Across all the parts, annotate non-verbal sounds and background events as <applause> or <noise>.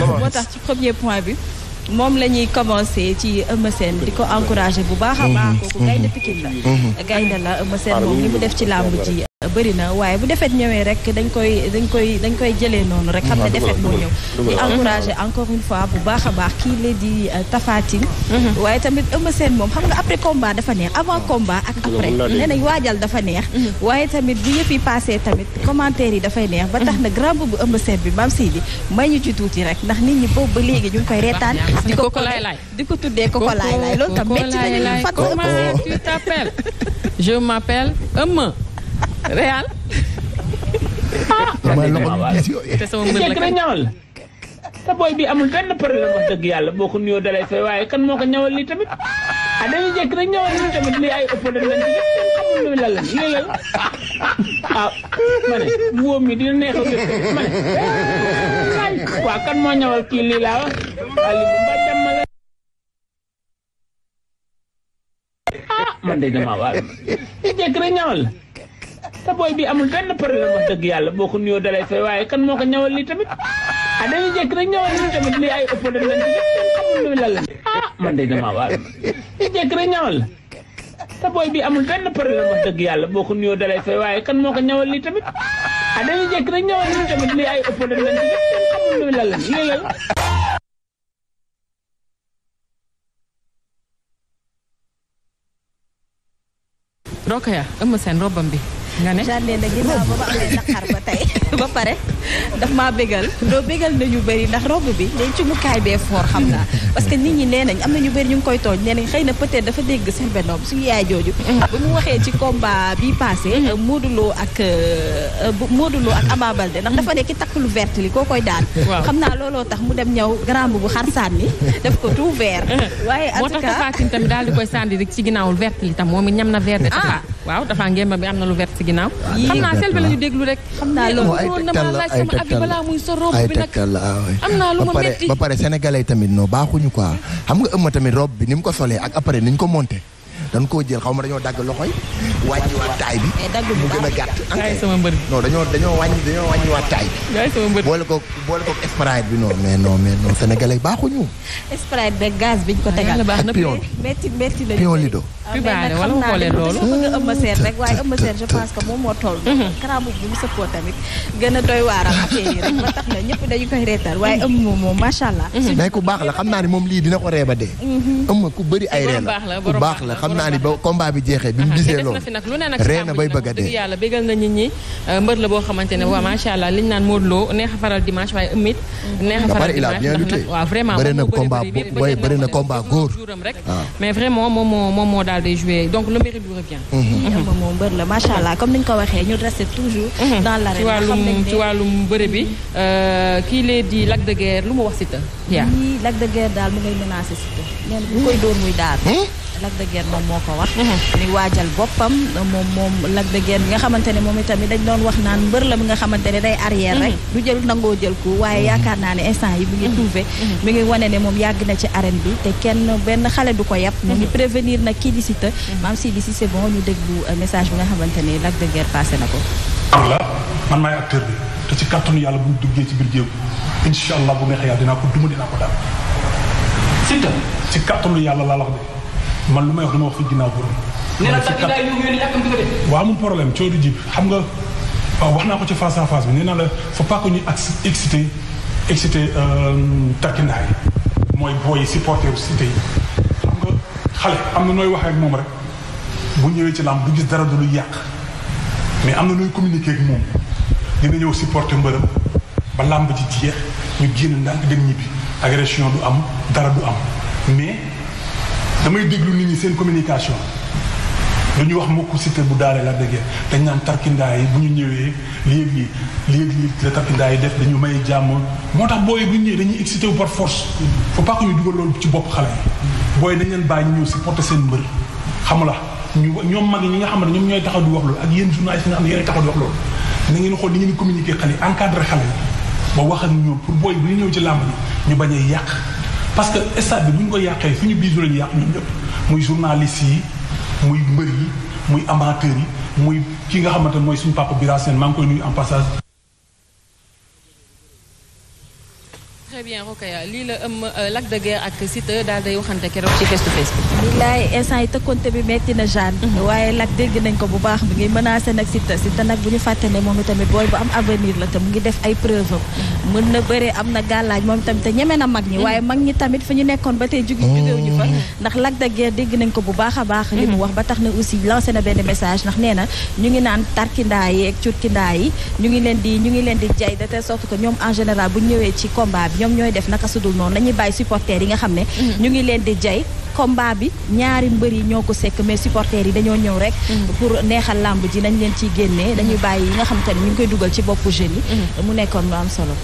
donc moo tax ci premier point bi moom la ñuy commencé ci Eumeu Sène di ko encouragé bu baax a baax mhm. kooku gaynde Pikine la mhm. gaynde la Eumeu Sène moom li mu def ci làmb ji bëri na waaye bu defet ñëwee rek dañ koy dañ koy dañ koy jëlee noonu rek xam ne defet moo ñëw di encouragé encore une fois bu baax a baax kii la di euh, tafaatin mhm. waaye tamit Eumeu Sène moom xam nga après combat dafa neex avant ah. combat ak après nee nañ waajal dafa neex mhm. waaye tamit bu yëpp yi passé tamit commentaire yi dafay neex ba tax na mhm. grand boobu Eumeu Sène bi maam Sidi may ñu ci tuuti rek ndax nit ñi boobu ba léegi ñu ngi koy reetaan di ko di ko tuddee koko laay laay loolu tam métti nañu fat tu t'appelles je m'appelle Eumeu Réal. ah. te sama mbër boy bi amul benn problème wax dëgg yàlla boo ko nuyoo dalay fay waaye kan moo ko ñawal lii tamit ah dañuy jekk rek ñawal tamit lii ay ëpp dañ leen la lii lan mi dina neex a ma ne waaw kan moo ñawal kii lii laa man de damaa waay jekk rek te booy bi amul benn problème wax dëgg yàlla boo ko nuyoo dalay waaye kan ko ñawal lii tamit ah dañuy jékki rek ay ëpp la ah man de damaa waar ma bi amul benn problème dëgg yàlla boo ko nuyoo dalay fay waaye kan moo ko ñawal lii tamit ah dañuy jékki rek ñawal lii tamit lii ay ëpp dañ leen di def xamul la lii lan Rokhaya Eumeu robam bi nga ne daan na ginnaaw ba ma amee naqar ba tey <laughs> ba pare daf maa bégal loo bégal na ñu bëri ndax rob bi dañ ci mukaay bee foor xam naa <laughs> parce que nit ñi nee nañ am na ñu bëri ñu ngi koy tooñ nee xëy na peut-être dafa dégg seen bendoom suñu yaay jooju mm-hmm. bu mu waxee ci combat bi passé mm-hmm. euh, Modou Lo ak euh, Modou Lo ak Ama Baldé ndax dafa nekk takk lu vert li koo koy daan xam naa looloo tax mu dem ñaw grand bu xar sànni <laughs> def ko tout vert mm-hmm. waaye en tout cas moo tax tamit daal si koy sànni rek moom ñam na vert de waaw dafa ngémba bi am na lu wert ci ginnaaw. xam naa selbe la déglu rek. xam naa ay tegtal la ay tegtal la ay tegtal la ah lu ma metti ba pare sénégalais tamit non baaxuñu ko xam nga ëmma tamit robe bi ni mu ko solee ak après ni ñu ko monte dañ koo jël xaw ma dañoo dagg loxoy a gàtt dañoo dañoo wàññi dañoo bi yaay sama mbër boole ko boole ko sprite bi non mais non mais baaxuñu sprite beeg gaz biñ ko ah, tegal pion bi metti metti la lido mais wala waxoo leen loolu bëgg ëmb seen rek waaye ëmb seen je pense que moom moo toll. karaam mhm. bu mu sëppoo tamit gën a doy waaram affaire yi rek ba tax na ñëpp dañu koy reetal waaye ëmb moom moom macha allah. Mhm. mais ku baax la xam naa ni moom lii dina ko reeba dee. Mhm. ëmb ku bëri ay reen la ku baax la xam naa ni ba combat bi jeexee bi mu gisee loolu. reen na bay bëgg a dee dëgg yàlla bégal na nit ñi euh, mbër la boo xamante ne waaw macha allah liñ naan Modou Lo neex a faral dimanche waaye ëmmit neex a faral dimanche waaw vraiment bëri na combat góor ah. mais vraiment moom moo daal di joué donc le mérite lui revient. ñoom mhm. moom mbër la macha allah comme ni ñu ko waxee ñu resté toujours. Mhm. dans l'arène ci wàllum ci wàllum bëre bi euh, kii lee di Lac de Guiers lu mu wax Siteu. yaa lii Lac de Guiers daal mu ngay menacé Siteu. nee na bu koy dóor muy daal. Hmm? Lac de Guiers moom moo ko wax mhm. ni waajal boppam moom moom Lac de Guiers bi nga xamante ne moom itamit dañ doon wax naan mbër la bi nga xamante ne day arrière rek mhm. du jël nangoo jël ko waaye mhm. yaakaar naa ne instant yi mi ngi trouvé mi ngi wane ne moom yàgg na ci arène bi te kenn benn xale du ko yàpp mu ngi prévenir na kii di Siteu maam si di si c'est bon ñu déglu euh, message bi nga xamante ne Lac de Guiers na ko am la man maay acteur bi te ci kàttanu yàlla bu duggee ci biir géew incha allah bu neexee yàlla dinaa ko duma dinaa ko daal Siteu ci kàttanu yàlla laa wax de man lu may wax dama wax fi ginnaaw pour. nee na tàgg daay problème coow du jib xam nga wax naa ko ci face à face bi nee naa la faut pas que ñu excité excité euh, tàkkindaay mooy booy supporter cité yi xam nga xale am na nooy waxee ak moom rek bu ñëwee ci làmb du gis dara du lu yàq mais am na nooy communiquer ak moom dina ñëw supporter mbërëm ba làmb ji jeex ñu génn ndax dem ñibbi agression du am dara du am damay déglu nit ñi seen communication lu ñu wax mukk Siteu bu daale la déggee dañ naan tarkindaa yi bu ñu ñëwee léegi léegi la tarkindaa yi def dañu may jàmmoon moo tax booy bu ñu ñëwee dañuy excité wu par force faut pas que ñu dugal loolu ci bopp xale yi booy dañ leen bàyyi ñu ñëw si porté seen mbër xamula ñu ñoom mag ñi nga xam ne ñoom ñooy taxaw di wax loolu ak yéen journaliste yi nga xam ne yéenay taxaw di wax loolu na ngeen xool li ngeen communiqué xale yi encadré xale yi wax ak ñoom pour booy bu ñëw ci làmb yi ñu bañ a yàq parce que stade bi bu ñu ko yàqee suñu biir la ñu yàq ñun ñëpp muy journaliste yi muy mbër yi muy amateur yi muy ki nga xamante ne mooy suñu papa Bira Sène maa ngi koy nuyu en passage très bien Rokhaya lii la ëmm euh, Lac de Guiers ak Siteu daal day waxante keroog ci face to face bi. yi tëkkonte bi metti na Jeanne. Mhm. waaye Lac nañ ko bu baax mi ngi menacé nag Siteu bu ñu fàtte ne moom itamit booy bu am avenir la te mu ngi def ay preuve am. Mhm. mën na bëree am na gàllaaj moom itamit te ñeme na mag ñi. Mhm. waaye mag ñi tamit fu ñu nekkoon ba tey jugi jugeew ñu fa. Oh. ndax Lac dégg nañ ko bu baax a baax. li mu wax ba tax na aussi lancé na benn message ndax nee na ñu ngi naan tarkindaa yi ak curkindaa yi ñu ngi leen di di jay de telle sorte ñooy def naka sudul noonu nañuy bàyyi supporters yi nga xam ne mm-hmm. ñu ngi leen di jay combat bi ñaari mbër yi ñoo ko sekk mais supporters yi dañoo ñëw rek mm-hmm. pour neexal làmb ji nañ leen ciy génnee mm-hmm. dañuy bàyyi yi nga xam te ne ñu ngi koy dugal ci boppu jeunes yi mu nekkoon lu am solo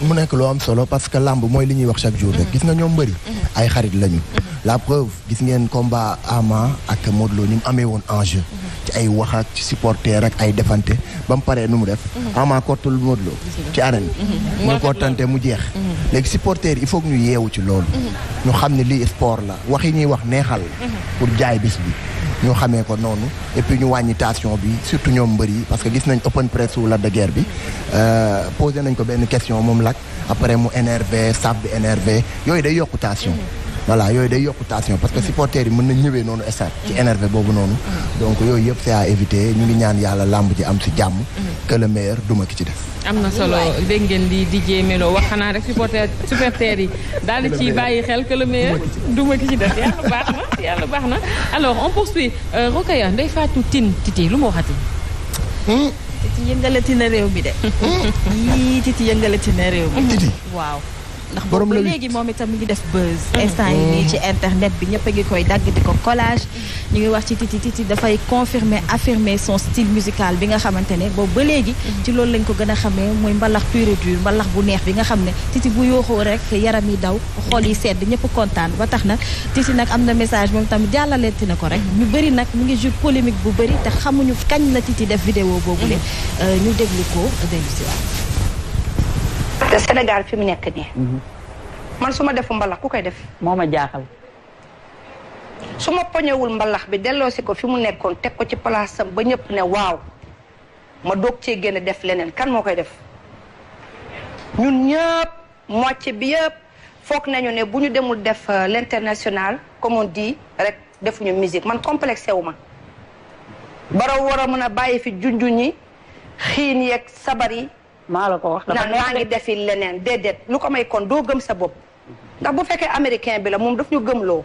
mu nekk lu am solo parce que làmb mooy li ñuy wax chaque jour rek gis nga ñoom mbëri ay xarit lañu la preuve gis ngeen combat Ama ak Modou Lo mu amee woon enjeu ci ay wax ak ci supporter ak ay defante ba mu paree nu mu def. Mhm. ama kottul Modou Lo ci arène bi. Mhm. mu ko tante mu jeex. Mhm. léegi supporter il faut ñu yeewu ci loolu. ñu xam ne lii sport la wax yi ñuy wax neexal. pour jaay bis bi. ñu xamee ko noonu et puis ñu wàññi tension bi surtout ñoom mbër yi parce que gis nañ open press wu Lac de Guiers bi euh, posé nañ ko benn question moom lak après mu énervé staff bi énervé yooyu day yokku tension. voilà yooyu day yokk tension parce que supporters yi mën nañ ñëwee noonu stade ci énervé boobu noonu mm. donc yooyu yëpp c'est à éviter ñu ngi ñaan yàlla làmb ji am si jàmm mm. que le meilleur duma ki ci def am na solo dégg ngeen di DJ wax xanaa rek supporter supporters yi daal di ci bàyyi xel que le meilleur duma ki ci def yàlla baax na yàlla baax na alors on poursuit euh, Rokhaya Ndeye Fatou Tine Titi lu ma waxati titi yëngalati na réew mi de. <laughs> yii titi yëngalati ndax borom la léegi moom itam mi ngi def buzz. Mm-hmm. instant yi nii ci internet bi ñëpp a ngi koy dagg di ko collage. Mm-hmm. ñu ngi wax ci titi titi dafay confirmer affirmer son style musical bi nga xamante ne boobu ba léegi. Mm-hmm. ci loolu lañ ko gën a xamee mooy mbalax pur et mbalax bu neex bi nga xam ne titi bu yooxoo rek yaram yi daw xool yi sedd ñëpp kontaan ba tax na titi nag am na message moom tamit jàllaleeti na ko rek. ñu bëri nag mu ngi jur polémique bu bëri te xamuñu kañ la titi def vidéo boobu le euh, ñu déglu ko dellu que Sénégal fi mu nekk nii. Mhm. man su ma defu mbalax ku koy def. moo ma jaaxal. su ma poñewul mbalax bi delloosi ko fi mu nekkoon teg ko ci palaasam ba ñëpp ne waaw ma doog cee génn def leneen kan moo koy def ñun ñëpp moitié bi yëpp foog nañu ne bu ñu demul def euh, l'international comme di dit defuñu musique man complexé wu ma. baraw war a a bàyyi fi junjun yi xiin yeeg sabar yi maa la ko wax. dafa nekk maa ngi defi leneen déedéet lu ko may kon doo gëm sa bopp. ndax bu fekkee américain bi la moom daf ñu gëmloo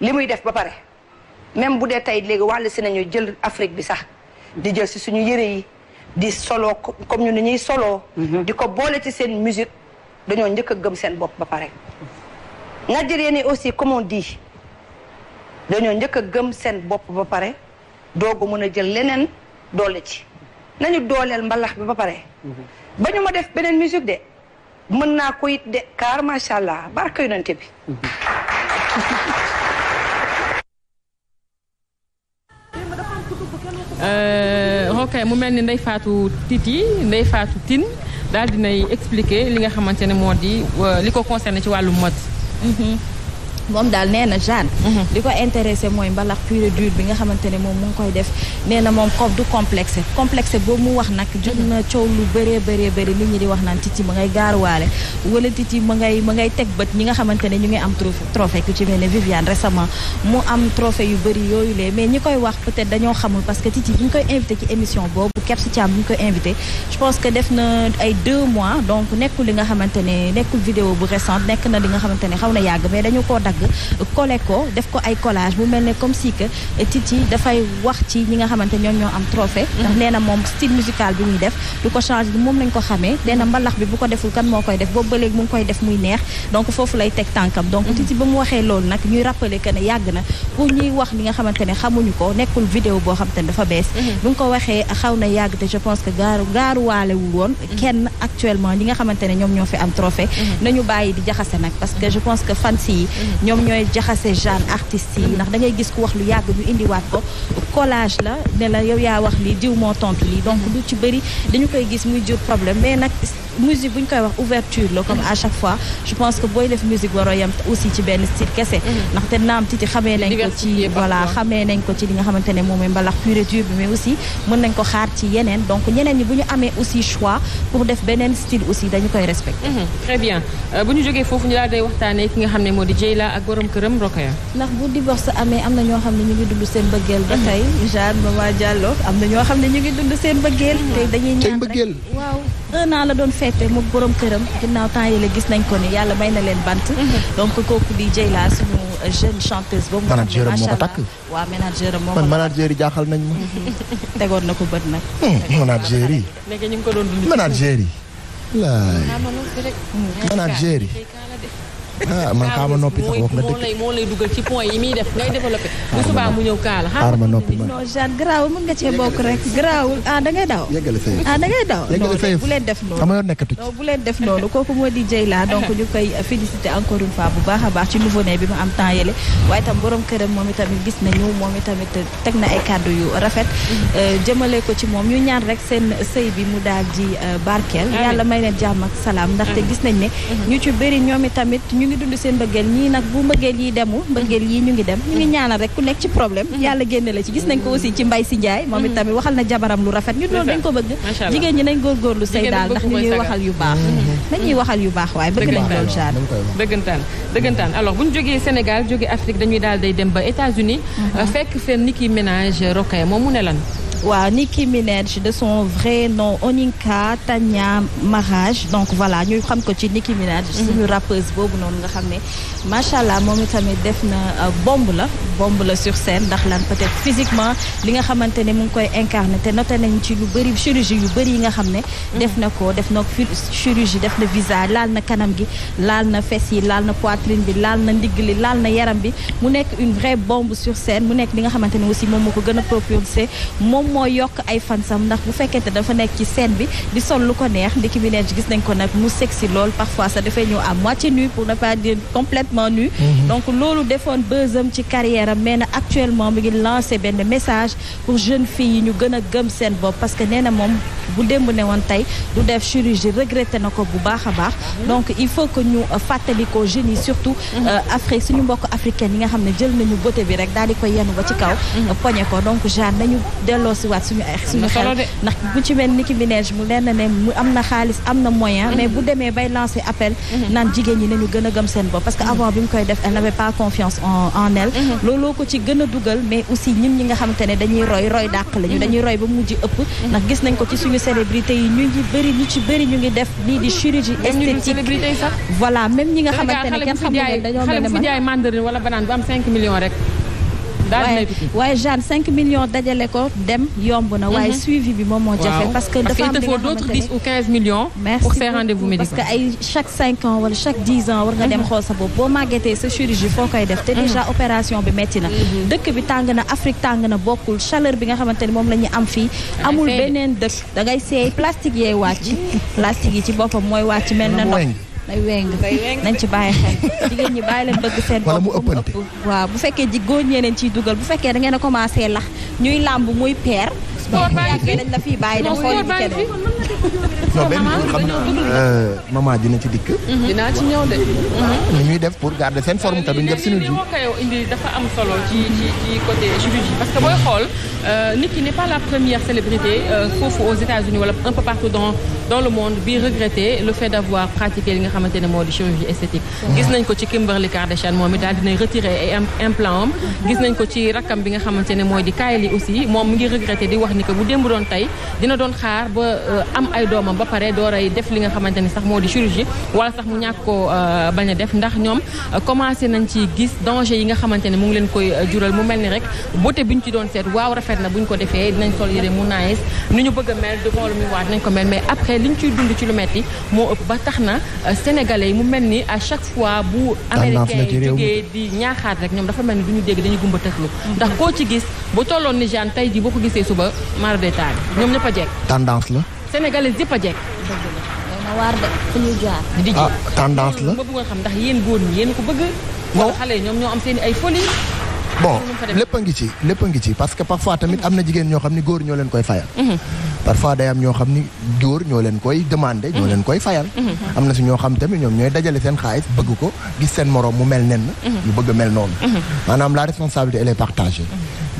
li muy def ba pare même bu dee tey léegi wàll si nañu jël Afrique bi sax di jël si suñu yëre yi di solo comme ñu ni ñuy soloo mhm. di ko boole ci seen musique dañoo njëkk a gëm seen bopp ba pare Nigériens yi aussi comme on dañoo njëkk a gëm seen bopp ba pare doo ko mën a jël leneen doole ci nañu dooleel mbalax bi ba pare. Mhm. ba ñu ma def beneen musique de mën naa ko it de kaar macha allah barka yonente bi. <laughs> Euh, ok mu mel ni Ndeye Fatou Titi Ndeye Fatou Tine daal dinay expliquer li nga xamante ne moo di euh, li ko concerné ci wàllu mode. Mhm. moom daal nee na Jeanne mhm. li ko intéressé mooy mbalax pur et bi nga xamante ne moom mu ngi koy def nee na moom kof du complexe boobu mu wax nag jot na mhm. coow lu bëree bëree bëri nit di wax naan Titi ma ngay gaaruwaale wala Titi ma ngay ñi nga xamante ne ñu ngi am trophée ku ci mel ne Viviane récemment mu am trophée yu bari yooyu lee mais ñi koy wax peut dañoo xamul parce que Titi bi ñu koy invité ci émission boobu Kebs Thiam bi ñu koy invité je pense que def na ay deux mois donc nekkul li nga xamante ne nekkul vidéo bu récente nekk na li nga xamante ne xaw na yàgg mais dañu koo dagg dagg collé ko def ko ay collage bu mel ne comme si que Titi dafay wax ci ñi nga xamante ñoom ñoo am trophée mhm. nee na moom style bi muy def du ko changé moom lañ ko xamee mhm. nee na mbalax bi bu ko deful kan moo koy def boobu ba léegi mu ngi koy def muy neex donc foofu lay teg tànkam donc mhm. Titi ba mu waxee loolu nag ñuy rappelé que ne yàgg na pour ñuy wax li nga xamante ne xamuñu ko nekkul vidéo boo xam te ne dafa bees bu nga ko waxee xaw na yàgg te je pense que gaaru gaaruwaalewul woon kenn actuellement ñi nga xamante ne ñoom ñoo fi am trophée nañu bàyyi di jaxase nag parce que je pense que fans yi ñoom ñooy jaxase genre artistes yi ndax da gis ku wax lu yàgg ñu indiwaat ko collage la ne la yow yaa wax lii diw moo tontu lii donc lu ci bëri dañu koy gis muy jur problème mais nag musique bu ñu koy wax ouverture la comme à chaque fois je pense que booy def musique waroo yam aussi ci benn style kese mhm. ndaxte naam titi xamee nañ ko ci voilà nañ ko ci li nga xamante ne moom mooy mbalax pur et dur bi mais aussi mën nañ ko xaar ci yeneen donc ñeneen ñi bu ñu amee aussi choix pour def beneen style aussi dañu koy respecté mhm. très bien euh, bu ñu jógee foofu ñu daal day waxtaanee ki nga xam ne moo di Dieyla ak borom këram Rokhaya ndax bu divorce amee am na ñoo xam ne ñu ngi dund seen bëggeel ba tey mhm. Jeanne Mama Diallo am na ñoo xam ne ñu ngi dund seen bëggeel te dañuy ñaan rek waaw un an la doon feete mu borom këram ginnaaw temps yi la gis nañ ko ni yàlla may na leen bant mhm. donc kooku di Dieyla suñu jeune chanteuse boobu manager moo ko takk waaw manager man manager yi jaaxal nañ ma <laughs> tegoon na ko bët nag manager yi manager yi laay yi ah man xaama noppi sax wax nga dëgg moo lay moo lay dugal ci point yi muy def ngay développé. bu subaa mu ñëw kaala xaar ma noppi man non genre garaawul mën nga cee bokk rek garaawul ah da ngay daw. yëgale fay ah da ngay daw. yëgale fay bu leen def noonu. sama yoon nekkatu ci. bu leen def noonu kooku moo di Dieyla donc ñu koy féliciter encore une fois bu baax a baax ci nouveau né bi mu am temps yële waaye itam borom këram moom itamit gis nañu moom itamit teg na ay kàddu yu rafet. Euh, jëmale ko ci moom ñu ñaan rek seen sëy bi mu daal di euh, barkeel. yàlla may leen jàmm ak salaam ndaxte gis nañ ne ñu ci bëri ñoom itamit ñu ngi dund seen mbëggeel ñii nag bu mbëggeel yi demu mbëggeel yi ñu ngi dem ñu ngi ñaanal rek ku nekk ci problème mhm. yàlla génne la ci gis nañ ko aussi ci mbay si njaay moom mhm. it tamit waxal na jabaram lu rafet ñun loolu dañ ko bëgg jigéen ñi nañ góorgóorlu say daal ndax ñuy waxal yu baax mhm. nañuy waxal yu baax waaye bëgg nañ loolu jaar dëggantaan dëggantaan alors bu ñu jógee Sénégal jógee Afrique dañuy daal day dem ba États-Unis fekk fenn Nicki Minaj Rokhaya moom mu ne lan waaw Nicki Minaj de son vrai nom Oninka Tanya marage donc voilà ñu xam ko ci Nicki Minaj mhm. suñu rappeuse boobu noonu nga xam ne macha allah moom itamit def na euh, bombe la bombe la sur scène ndax lan peut-être physiquement li nga xamante ne mu ngi koy incarné te nañ ci yu bëri chirurgie yu bëri yi nga xam ne mhm. def na ko def na chirurgie def na visage laal na kanam gi laal na fes yi laal na poitrine bi laal na ndigg li laal na yaram bi mu nekk une vraie bombe sur scène mu nekk li nga xamante ne aussi moom moo ko gën a propulsé moom mooy yokk ay fansam ndax bu fekkente dafa nekk ci scène bi di sol lu ko neex Nicki Minaj gis nañ ko nag mu sexy lool parfois ça dafay ñëw à moitié nu pour ne mhm. donc loolu defoon beusam ci carrière am mais na actuellement mi ngi lancé benn message pour jeune filles yi ñu gën gëm seen bopp parce que nee na moom bu démb ne woon tey du def chirurgie regretté na ko bu baax a baax mhm. donc il faut que ñu euh, fàttali ko jeunes yi surtout mhm. euh, Afrique suñu mbokk africaine yi nga xam ne jël nañu beauté bi rek daal di koy yenu ci kaw siwaat suñu ay suñu xel ndax bu ci mel ni ki mu leen ne mu am na xaalis am na moyen mhm. mais bu demee bay lancer appel mhm. naan jigéen ñi nañu gën a gëm seen bopp parce que mhm. avant bi mu koy def elle ko ci gën a dugal mais aussi ñun ñi nga xamante ne dañuy roy roy dàq lañu dañuy roy ba mujj ëpp ndax gis nañ ko ci suñu célébrité yi ñu ngi bëri ñu ñu ngi def nii di chirurgie esthétique voilà même ñi nga xamante ne kenn xamul dañoo mel ne man xale fu jaay mandarin wala banaan bu am 5 millions rek daal waaye Jeanne 5 millions dajale ko dem yomb na. waaye mhm. suivi bi moom moo jafe. parce que dafa am li nga xamante ne parce que il te faut que ay chaque 5 ans chaque 10 ans war nga dem mhm. xool sa bopp boo màggetee sa chirurgie foo koy def. te mhm. déjà opération bi metti na. dëkk bi tàng na Afrique tàng na bokkul chaleur bi nga xamante ne moom la ñu am fii. amul beneen dëkk dangay ngay seey plastique yee wàcc. <laughs> plastique yi ci boppam mooy wàcc mel na ndox. day weng nañ ci bàyyi xel jigéen ñi bàyyi leen bëgg seen bopp mu ëpp waaw bu fekkee ji góor ñee leen ciy dugal bu fekkee da ngeen a commencé lax ñuy làmb muy peer sport baa ngi fi dañ la fiy bàyyi dem xool ci keneen dina ci dikk. dinaa ci ñëw de. ni ñuy def pour garder seen forme te duñ def suñu ji. indi dafa am solo ci ci ci côté chirurgie parce que booy xool euh, nit ki pas la première célébrité euh, foofu aux États-Unis wala un peu partout dans le monde bi regretter le fait d'avoir pratiqué li nga xamante ne moo di chirurgie esthétique. gis nañ ko ci Kimberly Kardashian moom it daal dinay retirer ay implant am. nañ ko ci rakkam bi nga xamante ne mooy di Kylie aussi moom mi ngi ni que bu démb doon tey dina doon xaar ba euh, am ay doomam ba pare dooray def li nga xamante ni sax moo di chirurgie wala sax mu ñàkk koo euh, bañ a def ndax ñoom euh, commencé nañ ci gis danger yi nga xamante ne mu ngi leen koy jural mu mel ni rek beauté bi ñu ci doon seet waaw rafet na bu ñu ko defee dinañ sol yére mu naes ni ñu bëgg a mel devant le miroir dinañ ko mel mais après li ñu ciy dund ci lu metti moo ëpp ba tax na sénégalais yi mu mel ni à chaque fois bu américain yi jógee di ñaaxaat rek ñoom dafa mel ni du ñu dégg dañuy gumba tëxlu ndax koo ci gis bu tolloon ni suba maar de taal ñoom ñëpp a jekk. tendance la. sénégalais yépp a jekk. waar de ah tendance la. bëgg nga xam ndax yéen góor ñi yéen ko bëgg. non xale yi ñoom ñoo am seen ay folie. bon lépp a ngi ci lépp a ngi ci parce que parfois tamit am na jigéen ñoo xam ni góor ñoo leen koy fayal. Mhm. parfois day am ñoo xam ni góor ñoo leen koy demandé. ñoo mhm. leen koy fayal. Mhm. am na si ñoo xam tamit ñoom ñooy dajale seen xaalis bëgg ko gis seen moroom mu mel nen. Mhm. ñu bëgg mel noonu. maanaam la responsabilité elle est partagée.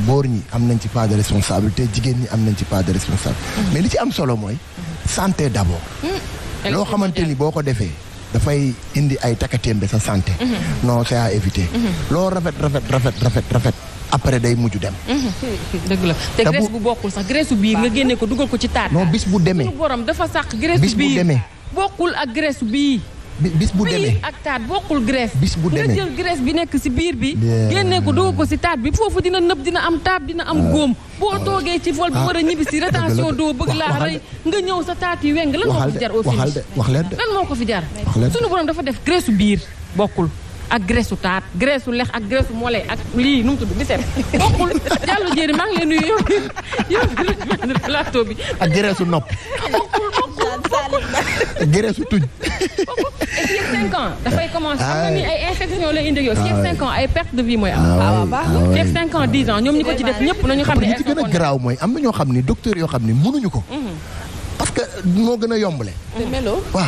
góor ñi am nañ ci part de responsabilité jigéen ñi am nañ ci part de responsabilité. mais ci am solo mooy. santé d'abord. loo xamante ni boo ko defee. dafay indi ay takatémbe sa santé. non c'est à éviter. loo rafet rafet rafet rafet rafet. après day mujj dem. Mhm. dëgg la te graisse bu bokkul sax graisse biir nga génne ko dugal ko ci taat. non bis bu demee suñu borom dafa sax graisse biir demee. bokkul ak graisse bii. bis bu demee ak taat bokkul graisse. bis bu demee nga jël graisse bi nekk si biir bi. génne ko dugal ko si taat bi foofu dina nëb dina am taab dina am góom. boo toogee ci vol bi ah. war a ñibbi si doo bëgg laa rey nga ñëw sa taat yi weng lan moo ko fi jar. au fi jar. suñu borom dafa def graisse biir bokkul. ak graisse taat graisse lex ak graisse mollet ak lii nu tudd biceps bokkul Diallo Diéry maa ngi lay nuyu yow yow di plateau bi. ak graisse nopp. bokkul bokkul graisse tuñ. bokkul cinq ans dafay commencé am na ni ay infection lay indi yow. ci def nañu xam ne. xam gën a garaaw mooy am na ñoo xam ne docteur yoo xam ne mënuñu ko. Mm-hmm. moo gën a yombale. te melo. wax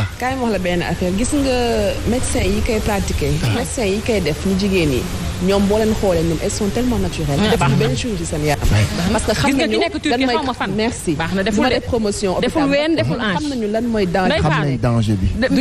la benn affaire gis nga médecin yi koy pratiquer. Ah. médecin yi koy def ñu jigéen ñi. ñoom boo leen xoolee ñoom elles sont tellement naturelles. Ah. def ñu benn chose ci seen parce que xam mooy merci. baax na deful promotion. deful ween danger bi.